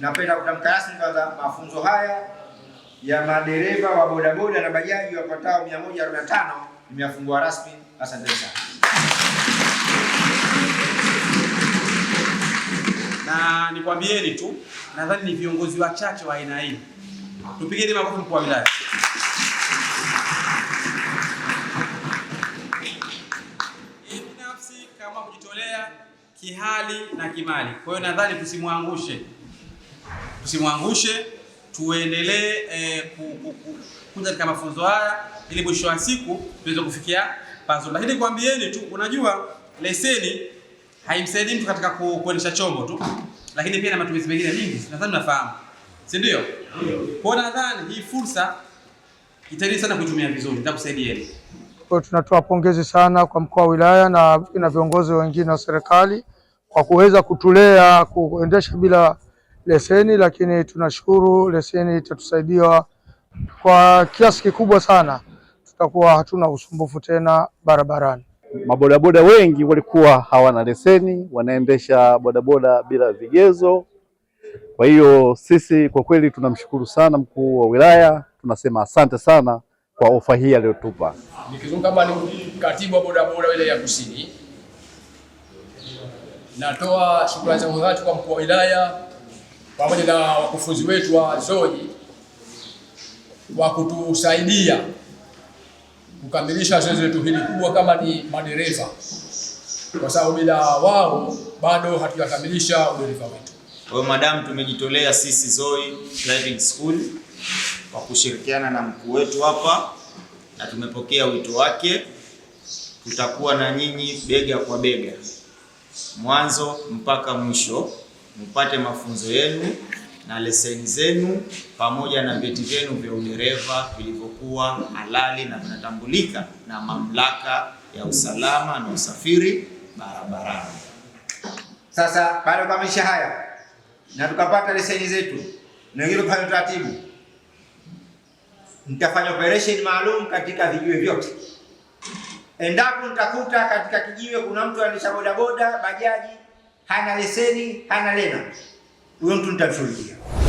napenda rasmi kwanza mafunzo haya ya madereva wa bodaboda na bajaji wapatao 145 nimeyafungua rasmi. Asante sana. Na nikwambieni tu, nadhani ni viongozi wachache wa aina hii. Tupigeni makofi kwa wilaya. Binafsi kama kujitolea kihali na kimali, kwa hiyo nadhani tusimwangushe tusimwangushe, tuendelee eh, ku, ku, ku, kuja katika mafunzo haya ili mwisho wa siku tuweze kufikia pazo. Lakini kwambieni tu, unajua leseni haimsaidii mtu katika kuendesha chombo tu, lakini pia na matumizi mengine mengi, nadhani nafahamu, si ndio? Kwa nadhani hii fursa itaendelea sana kutumia vizuri, itakusaidieni. Kwa tunatoa pongezi sana kwa mkuu wa wilaya na na viongozi wengine wa serikali kwa kuweza kutulea kuendesha bila leseni, lakini tunashukuru leseni itatusaidia kwa kiasi kikubwa sana, tutakuwa hatuna usumbufu tena barabarani. Mabodaboda wengi walikuwa hawana leseni, wanaendesha bodaboda bila vigezo. Kwa hiyo sisi kwa kweli tunamshukuru sana mkuu wa wilaya, tunasema asante sana kwa ofa hii aliyotupa. Nikizungumza kama ni katibu wa bodaboda wilaya ya Kusini, natoa shukrani zangu dhati kwa mkuu wa wilaya pamoja na wakufunzi wetu wa zoji wa kutusaidia kukamilisha zoezi letu hili kubwa, kama ni madereva, kwa sababu bila wao bado hatujakamilisha udereva wetu. Kwa hiyo madam, tumejitolea sisi ZOI Driving School kwa kushirikiana na mkuu wetu hapa, na tumepokea wito wake. Tutakuwa na nyinyi bega kwa bega, mwanzo mpaka mwisho mpate mafunzo yenu na leseni zenu pamoja na vyeti vyenu vya udereva vilivyokuwa halali na vinatambulika na mamlaka ya usalama na usafiri barabarani. Sasa baada ya kukamilisha haya na tukapata leseni zetu na hilo pale, utaratibu, nitafanya operation maalum katika vijiwe vyote. Endapo nitakuta katika kijiwe kuna mtu anisha bodaboda, bajaji hana leseni, hana lena. Huyo mtu nitamshuhudia.